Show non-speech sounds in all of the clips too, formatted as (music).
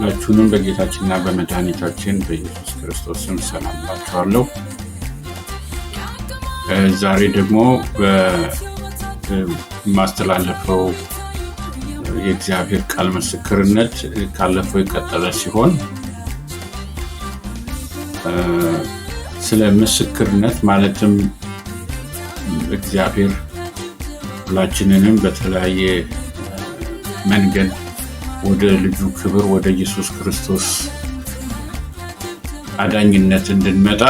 ሁላችሁንም በጌታችንና በመድኃኒታችን በኢየሱስ ክርስቶስ ስም ሰላም ዛሬ ደግሞ በማስተላለፈው የእግዚአብሔር ቃል ምስክርነት ካለፈው የቀጠለ ሲሆን ስለ ምስክርነት ማለትም እግዚአብሔር ሁላችንንም በተለያየ መንገድ ወደ ልጁ ክብር ወደ ኢየሱስ ክርስቶስ አዳኝነት እንድንመጣ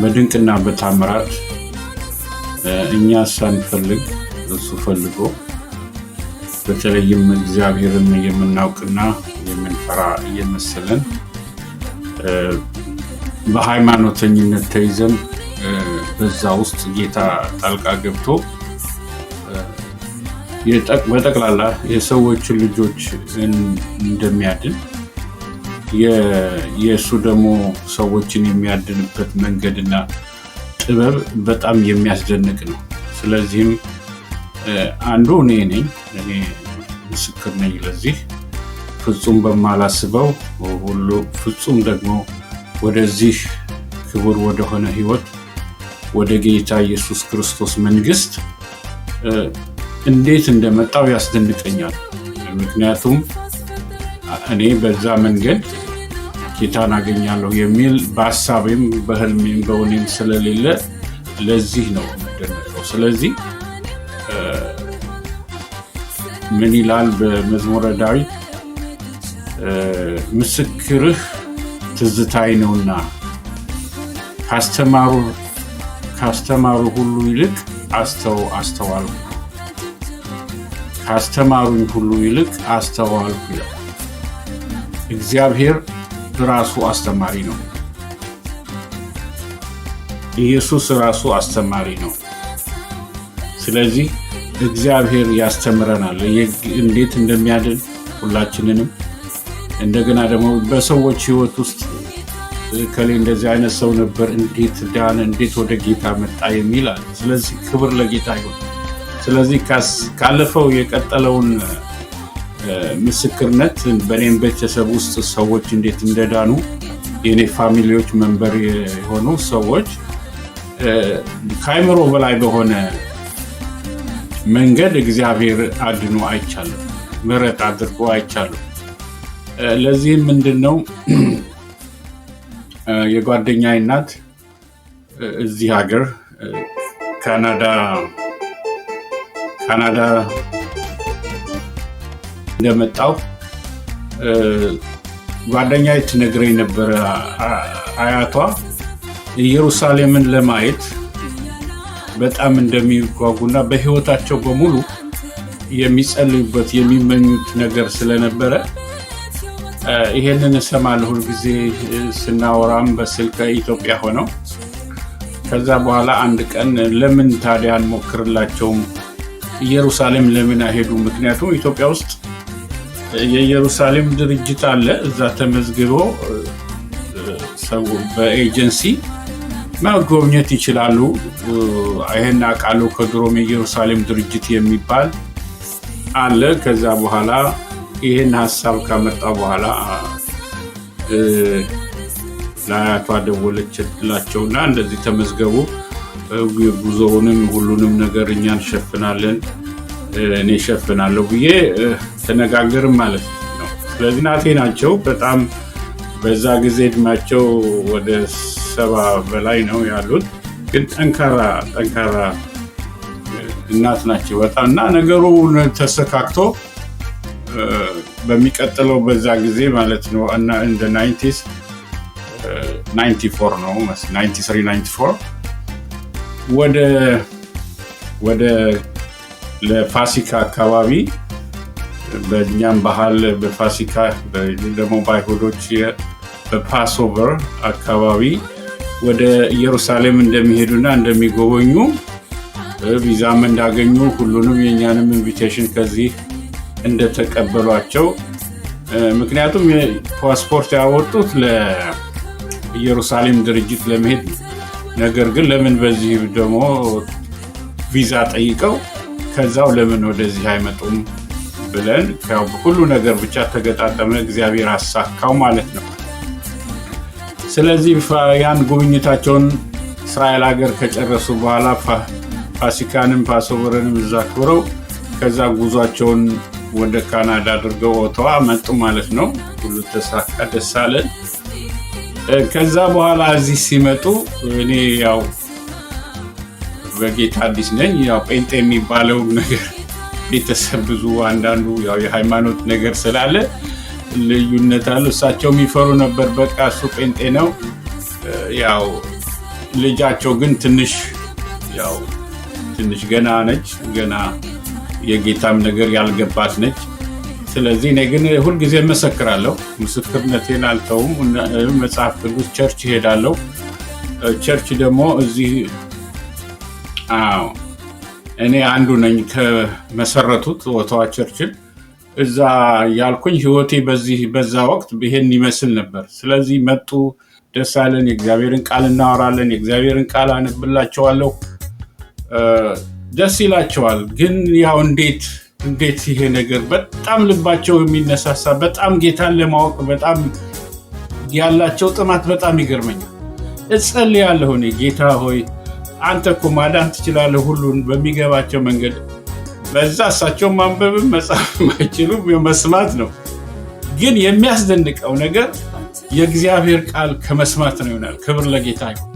በድንቅና በታምራት እኛ ሳንፈልግ እሱ ፈልጎ በተለይም እግዚአብሔርን የምናውቅና የምንፈራ እየመሰለን በሃይማኖተኝነት ተይዘን በዛ ውስጥ ጌታ ጣልቃ ገብቶ በጠቅላላ የሰዎችን ልጆች እንደሚያድን የእሱ ደግሞ ሰዎችን የሚያድንበት መንገድና ጥበብ በጣም የሚያስደንቅ ነው። ስለዚህም አንዱ እኔ ነኝ፣ እኔ ምስክር ነኝ ለዚህ ፍጹም በማላስበው ሁሉ ፍጹም ደግሞ ወደዚህ ክቡር ወደሆነ ህይወት ወደ ጌታ ኢየሱስ ክርስቶስ መንግስት እንዴት እንደመጣው ያስደንቀኛል። ምክንያቱም እኔ በዛ መንገድ ጌታን አገኛለሁ የሚል በሀሳቤም በህልሜም በውኔም ስለሌለ ለዚህ ነው የምደነቀው። ስለዚህ ምን ይላል በመዝሙረ ዳዊት ምስክርህ ትዝታይ ነውና ካስተማሩ ሁሉ ይልቅ አስተው አስተዋልኩ ካስተማሩኝ ሁሉ ይልቅ አስተዋልኩ ይላል። እግዚአብሔር ራሱ አስተማሪ ነው። ኢየሱስ ራሱ አስተማሪ ነው። ስለዚህ እግዚአብሔር ያስተምረናል እንዴት እንደሚያድን ሁላችንንም። እንደገና ደግሞ በሰዎች ህይወት ውስጥ ከሌ እንደዚህ አይነት ሰው ነበር፣ እንዴት ዳን እንዴት ወደ ጌታ መጣ የሚል ስለዚህ ክብር ለጌታ ይሆናል ስለዚህ ካለፈው የቀጠለውን ምስክርነት በእኔም ቤተሰብ ውስጥ ሰዎች እንዴት እንደዳኑ የእኔ ፋሚሊዎች መንበር የሆኑ ሰዎች ከአይምሮ በላይ በሆነ መንገድ እግዚአብሔር አድኖ አይቻለም፣ ምረት አድርጎ አይቻለም። ለዚህም ምንድን ነው የጓደኛ እናት እዚህ ሀገር ካናዳ ካናዳ እንደመጣው ጓደኛ ትነግረኝ ነበረ። አያቷ ኢየሩሳሌምን ለማየት በጣም እንደሚጓጉና በሕይወታቸው በሙሉ የሚጸልዩበት የሚመኙት ነገር ስለነበረ ይሄንን እሰማለሁ ሁልጊዜ ስናወራም በስልክ ኢትዮጵያ ሆነው። ከዛ በኋላ አንድ ቀን ለምን ታዲያ አንሞክርላቸውም ኢየሩሳሌም ለምን አይሄዱ? ምክንያቱም ኢትዮጵያ ውስጥ የኢየሩሳሌም ድርጅት አለ። እዛ ተመዝግቦ ሰው በኤጀንሲ መጎብኘት ይችላሉ። ይህን አውቃለሁ። ከድሮም የኢየሩሳሌም ድርጅት የሚባል አለ። ከዛ በኋላ ይህን ሀሳብ ካመጣ በኋላ ለአያቷ ደወለችላቸውና እንደዚህ ተመዝገቡ ጉዞውንም ሁሉንም ነገር እኛ እንሸፍናለን፣ እኔ እሸፍናለሁ ብዬ ተነጋገርም ማለት ነው። ስለዚህ ናቴ ናቸው በጣም በዛ ጊዜ እድሜያቸው ወደ ሰባ በላይ ነው ያሉት፣ ግን ጠንካራ ጠንካራ እናት ናቸው በጣም እና ነገሩ ተስተካክቶ በሚቀጥለው በዛ ጊዜ ማለት ነው እና እንደ ናይንቲስ ናይንቲ ፎር ነው ናይንቲ ስሪ ናይንቲ ፎር ወደ ወደ ለፋሲካ አካባቢ በእኛም ባህል በፋሲካ ደግሞ በአይሁዶች በፓስኦቨር አካባቢ ወደ ኢየሩሳሌም እንደሚሄዱና እንደሚጎበኙ ቪዛም እንዳገኙ ሁሉንም የእኛንም ኢንቪቴሽን ከዚህ እንደተቀበሏቸው ምክንያቱም ፓስፖርት ያወጡት ለኢየሩሳሌም ድርጅት ለመሄድ ነው። ነገር ግን ለምን በዚህ ደግሞ ቪዛ ጠይቀው ከዛው ለምን ወደዚህ አይመጡም ብለን ሁሉ ነገር ብቻ ተገጣጠመ፣ እግዚአብሔር አሳካው ማለት ነው። ስለዚህ ያን ጉብኝታቸውን እስራኤል ሀገር ከጨረሱ በኋላ ፋሲካንም ፓሶቨርንም እዛ ክብረው ከዛ ጉዟቸውን ወደ ካናዳ አድርገው ኦታዋ መጡ ማለት ነው። ሁሉ ተሳካ፣ ደስ አለን። ከዛ በኋላ እዚህ ሲመጡ እኔ ያው በጌታ አዲስ ነኝ። ያው ጴንጤ የሚባለው ነገር ቤተሰብ ብዙ አንዳንዱ ያው የሃይማኖት ነገር ስላለ ልዩነት አለ። እሳቸው የሚፈሩ ነበር። በቃ እሱ ጴንጤ ነው። ያው ልጃቸው ግን ትንሽ ያው ትንሽ ገና ነች፣ ገና የጌታም ነገር ያልገባት ነች። ስለዚህ እኔ ግን ሁልጊዜ መሰክራለሁ፣ ምስክርነቴን አልተውም። መጽሐፍ ቅዱስ ቸርች ይሄዳለሁ። ቸርች ደግሞ እዚህ እኔ አንዱ ነኝ ከመሰረቱት ወተዋ ቸርችን እዛ ያልኩኝ ህይወቴ በዚህ በዛ ወቅት ይሄን ይመስል ነበር። ስለዚህ መጡ፣ ደስ አለን፣ የእግዚአብሔርን ቃል እናወራለን፣ የእግዚአብሔርን ቃል አነብላቸዋለሁ፣ ደስ ይላቸዋል። ግን ያው እንዴት እንዴት ይሄ ነገር በጣም ልባቸው የሚነሳሳ በጣም ጌታን ለማወቅ በጣም ያላቸው ጥማት በጣም ይገርመኛል። እጸልያለሁ እኔ ጌታ ሆይ አንተ እኮ ማዳን ትችላለህ፣ ሁሉን በሚገባቸው መንገድ። በዛ እሳቸው ማንበብም መጻፍም (laughs) አይችሉም፣ መስማት ነው። ግን የሚያስደንቀው ነገር የእግዚአብሔር ቃል ከመስማት ነው ይሆናል። ክብር ለጌታ ይሁን።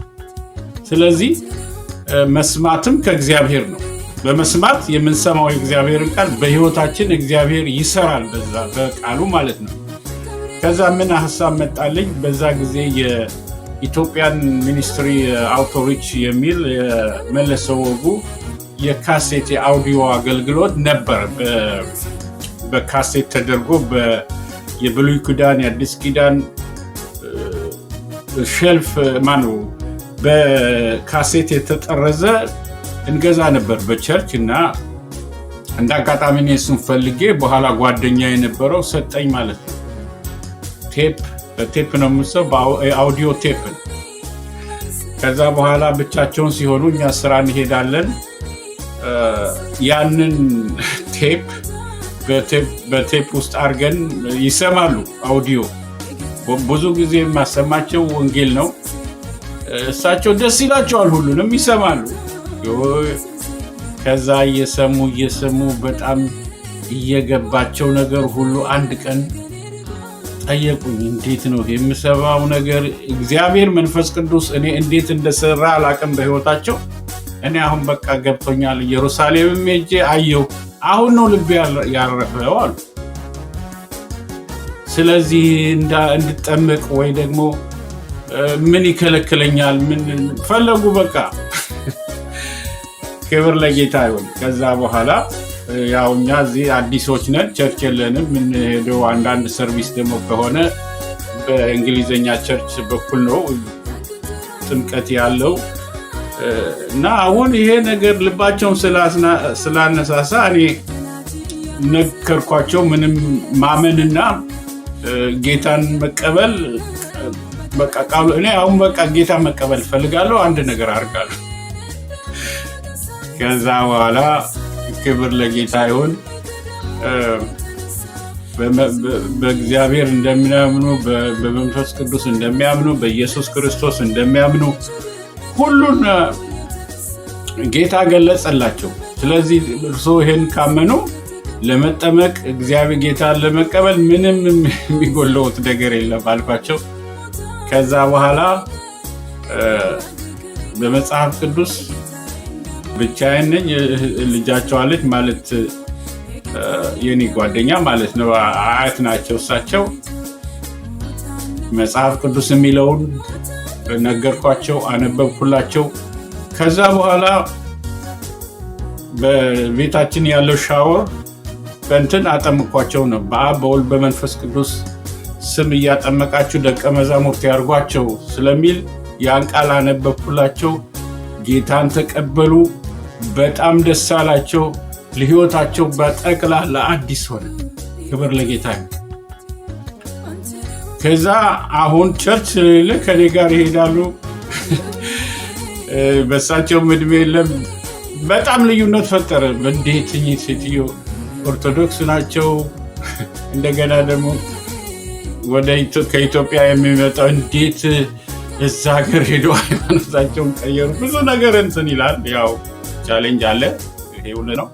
ስለዚህ መስማትም ከእግዚአብሔር ነው። በመስማት የምንሰማው የእግዚአብሔርን ቃል በህይወታችን እግዚአብሔር ይሰራል፣ በዛ በቃሉ ማለት ነው። ከዛ ምን ሀሳብ መጣልኝ? በዛ ጊዜ የኢትዮጵያን ሚኒስትሪ አውቶሪች የሚል የመለሰ ወጉ የካሴት የአውዲዮ አገልግሎት ነበር። በካሴት ተደርጎ የብሉይ ኪዳን የአዲስ ኪዳን ሼልፍ ማነው በካሴት የተጠረዘ እንገዛ ነበር በቸርች እና እንደ አጋጣሚ እኔ እሱን ፈልጌ በኋላ ጓደኛ የነበረው ሰጠኝ ማለት ነው። ቴፕ ቴፕ ነው የምሰው አውዲዮ ቴፕ ነው። ከዛ በኋላ ብቻቸውን ሲሆኑ እኛ ስራ እንሄዳለን። ያንን ቴፕ በቴፕ ውስጥ አድርገን ይሰማሉ። አውዲዮ ብዙ ጊዜ የማሰማቸው ወንጌል ነው። እሳቸው ደስ ይላቸዋል፣ ሁሉንም ይሰማሉ። ከዛ እየሰሙ እየሰሙ በጣም እየገባቸው ነገር ሁሉ አንድ ቀን ጠየቁኝ። እንዴት ነው የምሰማው ነገር? እግዚአብሔር መንፈስ ቅዱስ እኔ እንዴት እንደሰራ አላቅም በህይወታቸው። እኔ አሁን በቃ ገብቶኛል። ኢየሩሳሌምም ሄጄ አየሁ። አሁን ነው ልቤ ያረፈው አሉ። ስለዚህ እንድጠመቅ ወይ ደግሞ ምን ይከለክለኛል? ምን ፈለጉ በቃ ክብር ለጌታ ይሁን። ከዛ በኋላ ያው እኛ እዚህ አዲሶች ነን፣ ቸርች የለንም። የምንሄደው አንዳንድ ሰርቪስ ደግሞ ከሆነ በእንግሊዝኛ ቸርች በኩል ነው ጥምቀት ያለው እና አሁን ይሄ ነገር ልባቸውን ስላነሳሳ እኔ ነገርኳቸው። ምንም ማመንና ጌታን መቀበል በቃ እኔ አሁን በቃ ጌታ መቀበል እፈልጋለሁ። አንድ ነገር አድርጋለሁ ከዛ በኋላ ክብር ለጌታ ይሁን። በእግዚአብሔር እንደሚያምኑ በመንፈስ ቅዱስ እንደሚያምኑ በኢየሱስ ክርስቶስ እንደሚያምኑ ሁሉን ጌታ ገለጸላቸው። ስለዚህ እርስ ይህን ካመኑ ለመጠመቅ እግዚአብሔር ጌታ ለመቀበል ምንም የሚጎለውት ነገር የለም አልኳቸው። ከዛ በኋላ በመጽሐፍ ቅዱስ ብቻዬን ነኝ ልጃቸው አለች ማለት የኔ ጓደኛ ማለት ነው። አያት ናቸው እሳቸው። መጽሐፍ ቅዱስ የሚለውን ነገርኳቸው፣ አነበብኩላቸው። ከዛ በኋላ በቤታችን ያለው ሻወር በእንትን አጠምኳቸው ነው። በአብ በወልድ በመንፈስ ቅዱስ ስም እያጠመቃችሁ ደቀ መዛሙርት ያርጓቸው ስለሚል ያን ቃል አነበብኩላቸው። ጌታን ተቀበሉ። በጣም ደስ አላቸው። ለህይወታቸው በጠቅላላ አዲስ ሆነ። ክብር ለጌታ። ከዛ አሁን ቸርች ስለሌለ ከኔ ጋር ይሄዳሉ። (laughs) በእሳቸውም እድሜ የለም። በጣም ልዩነት ፈጠረ። እንዴት እኚህ ሴትዮ ኦርቶዶክስ ናቸው። (laughs) እንደገና ደግሞ ከኢትዮጵያ የሚመጣው እንዴት እዛ ሀገር ሄደው ሃይማኖታቸውን ቀየሩ። ብዙ ነገር እንትን ይላል ያው ቻሌንጅ አለ። ይሄ ሁሉ ነው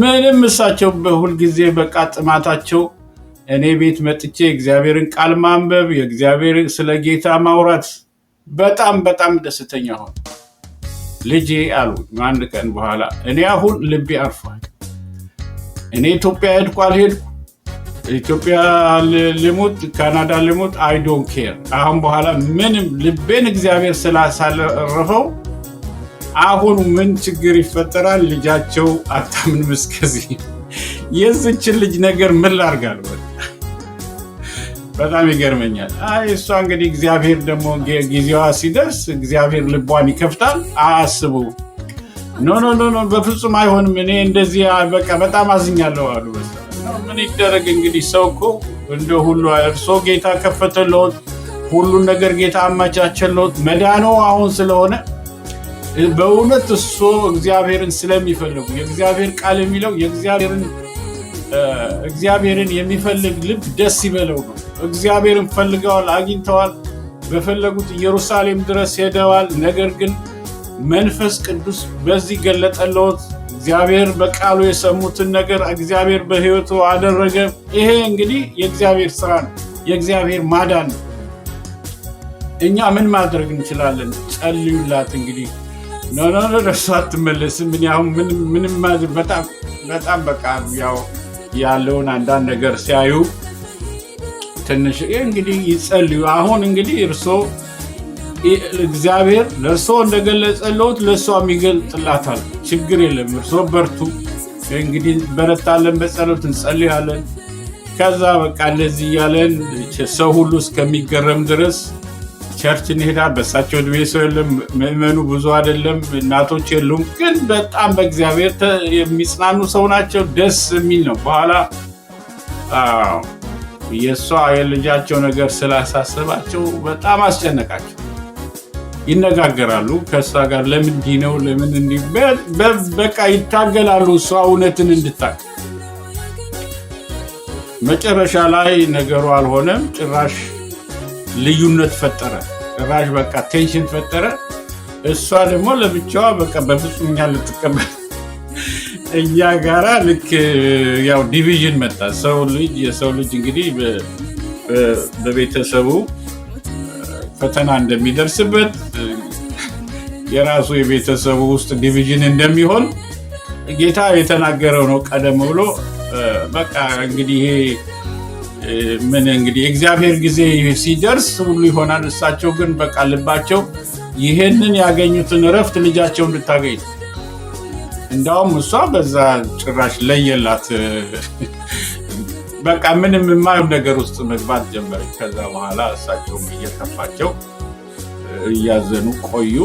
ምንም እሳቸው በሁልጊዜ በቃ ጥማታቸው እኔ ቤት መጥቼ እግዚአብሔርን ቃል ማንበብ የእግዚአብሔር ስለ ጌታ ማውራት በጣም በጣም ደስተኛ ሆነ። ልጄ አሉ አንድ ቀን በኋላ እኔ አሁን ልቤ አርፏል። እኔ ኢትዮጵያ ሄድኩ አልሄድኩ ኢትዮጵያ ልሙት ካናዳ ልሙት አይዶን ኬር አሁን በኋላ ምንም ልቤን እግዚአብሔር ስላሳረፈው አሁን ምን ችግር ይፈጠራል? ልጃቸው አታምንም። እስከዚህ የዝችን ልጅ ነገር ምን ላርጋል? በጣም ይገርመኛል። አይ እሷ እንግዲህ እግዚአብሔር ደግሞ ጊዜዋ ሲደርስ እግዚአብሔር ልቧን ይከፍታል። አስቡ። ኖ ኖ ኖ፣ ኖ፣ በፍጹም አይሆንም። እኔ እንደዚህ በቃ በጣም አዝኛለሁ አሉ። ምን ይደረግ እንግዲህ ሰው እኮ እንደ ሁሉ እርሶ ጌታ ከፈተለዎት፣ ሁሉን ነገር ጌታ አመቻቸለዎት። መዳኖ አሁን ስለሆነ በእውነት እሶ እግዚአብሔርን ስለሚፈልጉ የእግዚአብሔር ቃል የሚለው እግዚአብሔርን የሚፈልግ ልብ ደስ ይበለው ነው። እግዚአብሔርን ፈልገዋል፣ አግኝተዋል። በፈለጉት ኢየሩሳሌም ድረስ ሄደዋል። ነገር ግን መንፈስ ቅዱስ በዚህ ገለጠለዎት። እግዚአብሔር በቃሉ የሰሙትን ነገር እግዚአብሔር በሕይወቱ አደረገ። ይሄ እንግዲህ የእግዚአብሔር ስራ ነው፣ የእግዚአብሔር ማዳን ነው። እኛ ምን ማድረግ እንችላለን? ጸልዩላት እንግዲህ ኖ ኖ ኖ እሷ አትመለስም። እኔ አሁን ምንም በጣም በጣም በቃ ያው ያለውን አንዳንድ ነገር ሲያዩ ትንሽ እንግዲህ ይጸልዩ። አሁን እንግዲህ እርሶ እግዚአብሔር ለእርሶ እንደገለጸልዎት ለእሷ የሚገልጥላታል። ችግር የለም። እርሶ በርቱ። እንግዲህ በረታለን፣ በጸሎት እንጸልያለን። ከዛ በቃ እንደዚህ እያለን ሰው ሁሉ እስከሚገረም ድረስ ቸርች እንሄዳል። በእሳቸው እድሜ ሰው የለም፣ ምዕመኑ ብዙ አይደለም፣ እናቶች የሉም። ግን በጣም በእግዚአብሔር የሚጽናኑ ሰው ናቸው። ደስ የሚል ነው። በኋላ የእሷ የልጃቸው ነገር ስላሳሰባቸው በጣም አስጨነቃቸው። ይነጋገራሉ ከእሷ ጋር ለምን እንዲህ ነው ለምን እንዲህ በቃ ይታገላሉ፣ እሷ እውነትን እንድታቅ መጨረሻ ላይ ነገሩ አልሆነም ጭራሽ ልዩነት ፈጠረ። ራሽ በቃ ቴንሽን ፈጠረ። እሷ ደግሞ ለብቻዋ በቃ በፍጹም እኛን ልትቀበል (laughs) እኛ ጋራ ልክ ያው ዲቪዥን መጣ። ሰው ልጅ የሰው ልጅ እንግዲህ በቤተሰቡ ፈተና እንደሚደርስበት የራሱ የቤተሰቡ ውስጥ ዲቪዥን እንደሚሆን ጌታ የተናገረው ነው። ቀደም ብሎ በቃ እንግዲህ ይሄ ምን እንግዲህ የእግዚአብሔር ጊዜ ሲደርስ ሁሉ ይሆናል። እሳቸው ግን በቃ ልባቸው ይህንን ያገኙትን እረፍት ልጃቸው እንድታገኝ እንዳውም እሷ በዛ ጭራሽ ለየላት። በቃ ምንም የማየው ነገር ውስጥ መግባት ጀመረች። ከዛ በኋላ እሳቸውም እየከፋቸው እያዘኑ ቆዩ።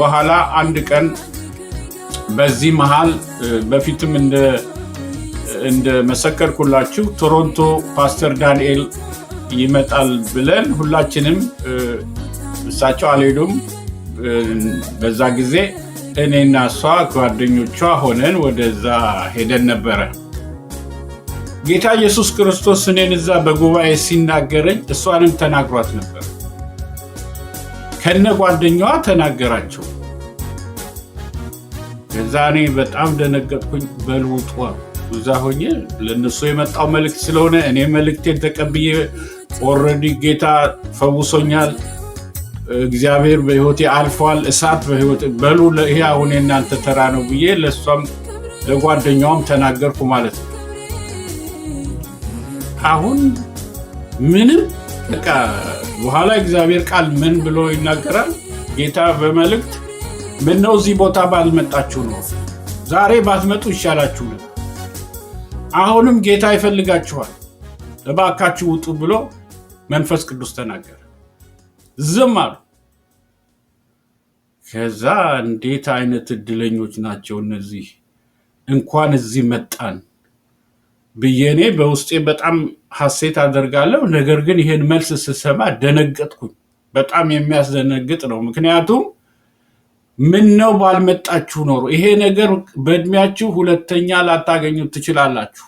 በኋላ አንድ ቀን በዚህ መሃል በፊትም እንደ እንደመሰከርኩላችሁ ቶሮንቶ ፓስተር ዳንኤል ይመጣል ብለን ሁላችንም እሳቸው አልሄዱም። በዛ ጊዜ እኔና እሷ ጓደኞቿ ሆነን ወደዛ ሄደን ነበረ። ጌታ ኢየሱስ ክርስቶስ እኔን እዛ በጉባኤ ሲናገረኝ እሷንም ተናግሯት ነበር። ከነ ጓደኛዋ ተናገራቸው። ከዛ እኔ በጣም ደነገጥኩኝ። በልውጧ እዛ ሆኜ ለእነሱ የመጣው መልእክት ስለሆነ እኔ መልእክቴን ተቀብዬ ኦልሬዲ ጌታ ፈውሶኛል፣ እግዚአብሔር በህይወቴ አልፏል፣ እሳት በህይወት በሉ ይሄ አሁን የእናንተ ተራ ነው ብዬ ለእሷም ለጓደኛዋም ተናገርኩ ማለት ነው። አሁን ምንም በቃ በኋላ እግዚአብሔር ቃል ምን ብሎ ይናገራል? ጌታ በመልእክት ምነው እዚህ ቦታ ባልመጣችሁ ነው፣ ዛሬ ባትመጡ ይሻላችሁ ነው አሁንም ጌታ ይፈልጋችኋል፣ እባካችሁ ውጡ ብሎ መንፈስ ቅዱስ ተናገረ። ዝም አሉ። ከዛ እንዴት አይነት እድለኞች ናቸው እነዚህ እንኳን እዚህ መጣን ብዬኔ በውስጤ በጣም ሐሴት አደርጋለሁ። ነገር ግን ይሄን መልስ ስሰማ ደነገጥኩኝ። በጣም የሚያስደነግጥ ነው። ምክንያቱም ምን ነው ባልመጣችሁ ኖሮ ይሄ ነገር በእድሜያችሁ ሁለተኛ ላታገኙት ትችላላችሁ።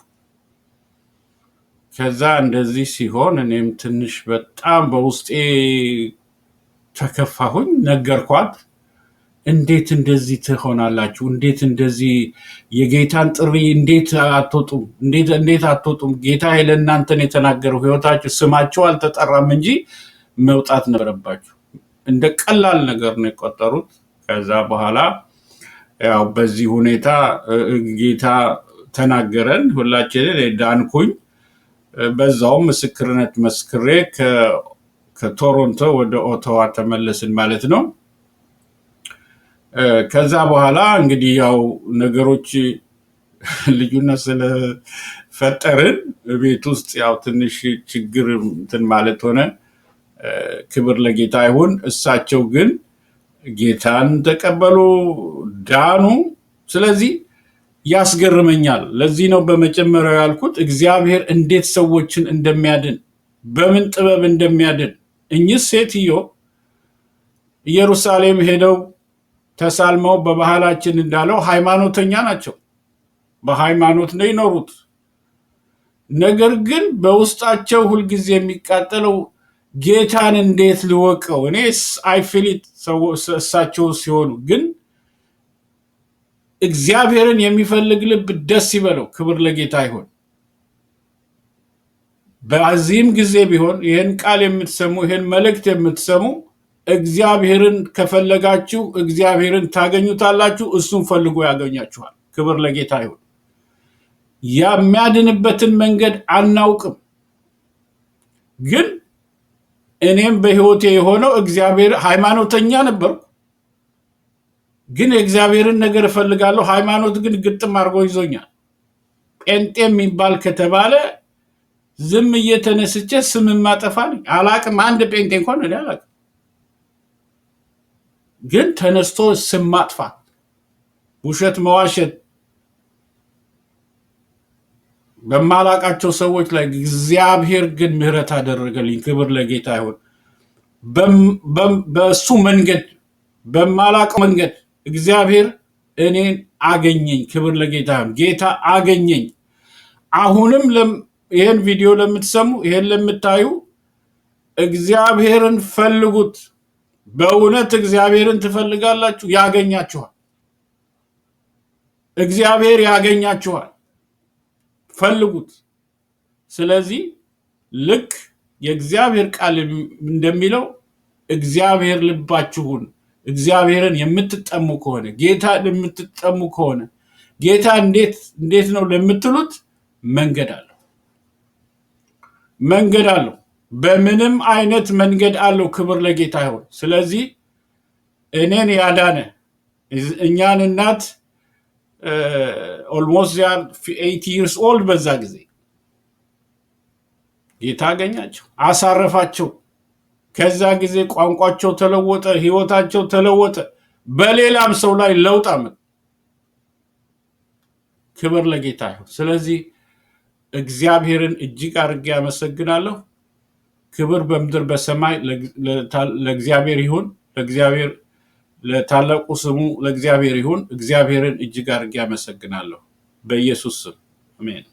ከዛ እንደዚህ ሲሆን እኔም ትንሽ በጣም በውስጤ ተከፋሁኝ። ነገርኳት። እንዴት እንደዚህ ትሆናላችሁ? እንዴት እንደዚህ የጌታን ጥሪ እንዴት አትወጡም? እንዴት አትወጡም? ጌታ ለእናንተን የተናገረው ህይወታችሁ ስማችሁ አልተጠራም እንጂ መውጣት ነበረባችሁ። እንደ ቀላል ነገር ነው የቆጠሩት። ከዛ በኋላ ያው በዚህ ሁኔታ ጌታ ተናገረን፣ ሁላችንን ዳንኩኝ። በዛውም ምስክርነት መስክሬ ከቶሮንቶ ወደ ኦቶዋ ተመለስን ማለት ነው። ከዛ በኋላ እንግዲህ ያው ነገሮች (laughs) ልዩነት ስለፈጠርን ቤት ውስጥ ያው ትንሽ ችግር እንትን ማለት ሆነ። ክብር ለጌታ ይሁን። እሳቸው ግን ጌታን ተቀበሉ፣ ዳኑ። ስለዚህ ያስገርመኛል። ለዚህ ነው በመጀመሪያው ያልኩት እግዚአብሔር እንዴት ሰዎችን እንደሚያድን በምን ጥበብ እንደሚያድን። እኚህ ሴትዮ ኢየሩሳሌም ሄደው ተሳልመው በባህላችን እንዳለው ሃይማኖተኛ ናቸው። በሃይማኖት ነው ይኖሩት። ነገር ግን በውስጣቸው ሁልጊዜ የሚቃጠለው ጌታን እንዴት ልወቀው? እኔ አይፊሊት እሳቸው ሲሆኑ ግን እግዚአብሔርን የሚፈልግ ልብ ደስ ይበለው። ክብር ለጌታ ይሆን። በዚህም ጊዜ ቢሆን ይህን ቃል የምትሰሙ ይህን መልእክት የምትሰሙ እግዚአብሔርን ከፈለጋችሁ እግዚአብሔርን ታገኙታላችሁ፣ እሱን ፈልጎ ያገኛችኋል። ክብር ለጌታ ይሁን። የሚያድንበትን መንገድ አናውቅም ግን እኔም በህይወቴ የሆነው እግዚአብሔር ሃይማኖተኛ ነበር፣ ግን የእግዚአብሔርን ነገር እፈልጋለሁ። ሃይማኖት ግን ግጥም አድርጎ ይዞኛል። ጴንጤ የሚባል ከተባለ ዝም እየተነስቼ ስም ማጠፋ አላቅም። አንድ ጴንጤ እንኳን እኔ አላቅም። ግን ተነስቶ ስም ማጥፋት፣ ውሸት መዋሸት በማላቃቸው ሰዎች ላይ እግዚአብሔር ግን ምሕረት አደረገልኝ። ክብር ለጌታ ይሁን። በእሱ መንገድ በማላቀው መንገድ እግዚአብሔር እኔን አገኘኝ። ክብር ለጌታ ይሁን። ጌታ አገኘኝ። አሁንም ይህን ቪዲዮ ለምትሰሙ ይህን ለምታዩ እግዚአብሔርን ፈልጉት። በእውነት እግዚአብሔርን ትፈልጋላችሁ፣ ያገኛችኋል። እግዚአብሔር ያገኛችኋል። ፈልጉት። ስለዚህ ልክ የእግዚአብሔር ቃል እንደሚለው እግዚአብሔር ልባችሁን እግዚአብሔርን የምትጠሙ ከሆነ ጌታን የምትጠሙ ከሆነ ጌታ እንዴት እንዴት ነው ለምትሉት መንገድ አለው፣ መንገድ አለው። በምንም አይነት መንገድ አለው። ክብር ለጌታ ይሆን። ስለዚህ እኔን ያዳነ እኛን እናት ኦልሞስት ዚያር ኤይቲ ይርስ ኦልድ በዛ ጊዜ ጌታ አገኛቸው፣ አሳረፋቸው። ከዛ ጊዜ ቋንቋቸው ተለወጠ፣ ህይወታቸው ተለወጠ፣ በሌላም ሰው ላይ ለውጥ አመጡ። ክብር ለጌታ ይሁን። ስለዚህ እግዚአብሔርን እጅግ አድርጌ አመሰግናለሁ። ክብር በምድር በሰማይ ለእግዚአብሔር ይሁን ለእግዚአብሔር ለታላቁ ስሙ ለእግዚአብሔር ይሁን። እግዚአብሔርን እጅግ አድርጌ አመሰግናለሁ በኢየሱስ ስም አሜን።